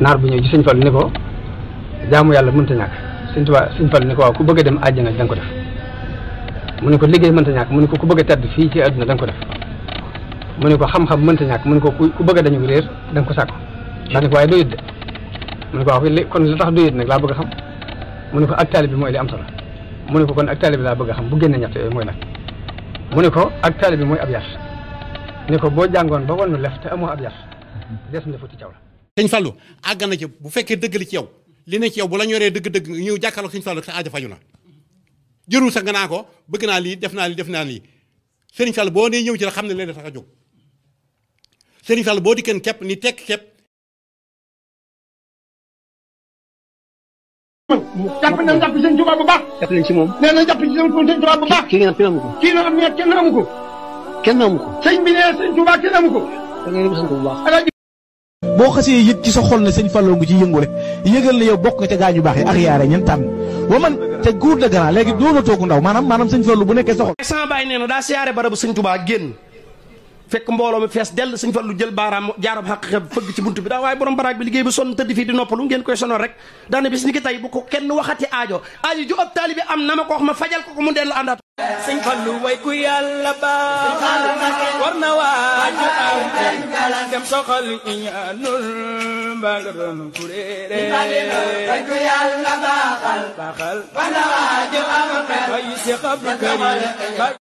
naar bu ñëw ci sëñ Fall ni ko jaamu yàlla mënta ñàkk sëñ Tuubaa sëñ Fall ni ko waaw ku bëgg dem àjjana da nga ko def mu ne ko liggéey mënta ñàkk mu ne ko ku bëgg a tedd fii ci àdduna da ko def mu ne ko xam-xam mënta ñàkk mu ne ko ku bëgg a dañu réer da nga ko sàkku daa ko waaye du de mu ne ko waaw kon li tax du yët nag laa bëgg a xam mu ne ko ak taalibe bi mooy li am solo mu ne ko kon ak taalibe bi laa bëgg a xam bu génne ñett yooyu mooy nag mu ne ko ak taalibe bi mooy ab yar ne ko boo jàngoon ba wan nu lef te amoo ab yar des na futti caw la sëñ Fallou àgg na ci bu fekkee dëgg li ci yow li ne ci yow bu la ñoree dëgg-dëgg ñëw jàkkaarloog sëñ Fallou te aajo faju na jërul sa nga naa ko bëgg naa lii def naa lii def naa lii sëriñ Fallou boo nee ñëw ci la xam ne leen tax a jóg sëriñ Fallou boo dikkeen képp ni tekk képp jàpp na jàpp sëñ Tuubaa bu baax jàpp nañ ci moom na jàpp ci sëñ bu baax kii ngeen am kenn amu kenn amu kenn amu ko. sëñ bi nee sëñ Tuubaa kenn ko. da ngay dem sant bu baax. boo xasee yëg ci sa xol ne sëñ Fallou ngi ci yëngule yëgal na bokk nga ca gaañu baax yi ak yaare ñeen tànn wa man te guur de grand léegi doonatoo ku ndaw maanaam maanaam sëñ Fallou bu nekkee sa xol. sama baay nee na daa siyaare barabu sëñ Tuubaa génn. fekk mbolo mi fess del seigne fallu jël baaraam jaarab xeb feug ci buntu bi da way borom barak bi liggey bi son teddi fi di noppalu ngeen koy sonal rek daane bis ni ki tay bu ko kenn waxati aajo aaji ju op talibi am na ma ko wax ma fajal ko ko mu del andat seigne fallu way ku yàlla baal war na waaju aw dem soxal iñaanul mbaga doon kuréere way ku yàlla ba baaxal warna wa waaju am xel way si xabru karim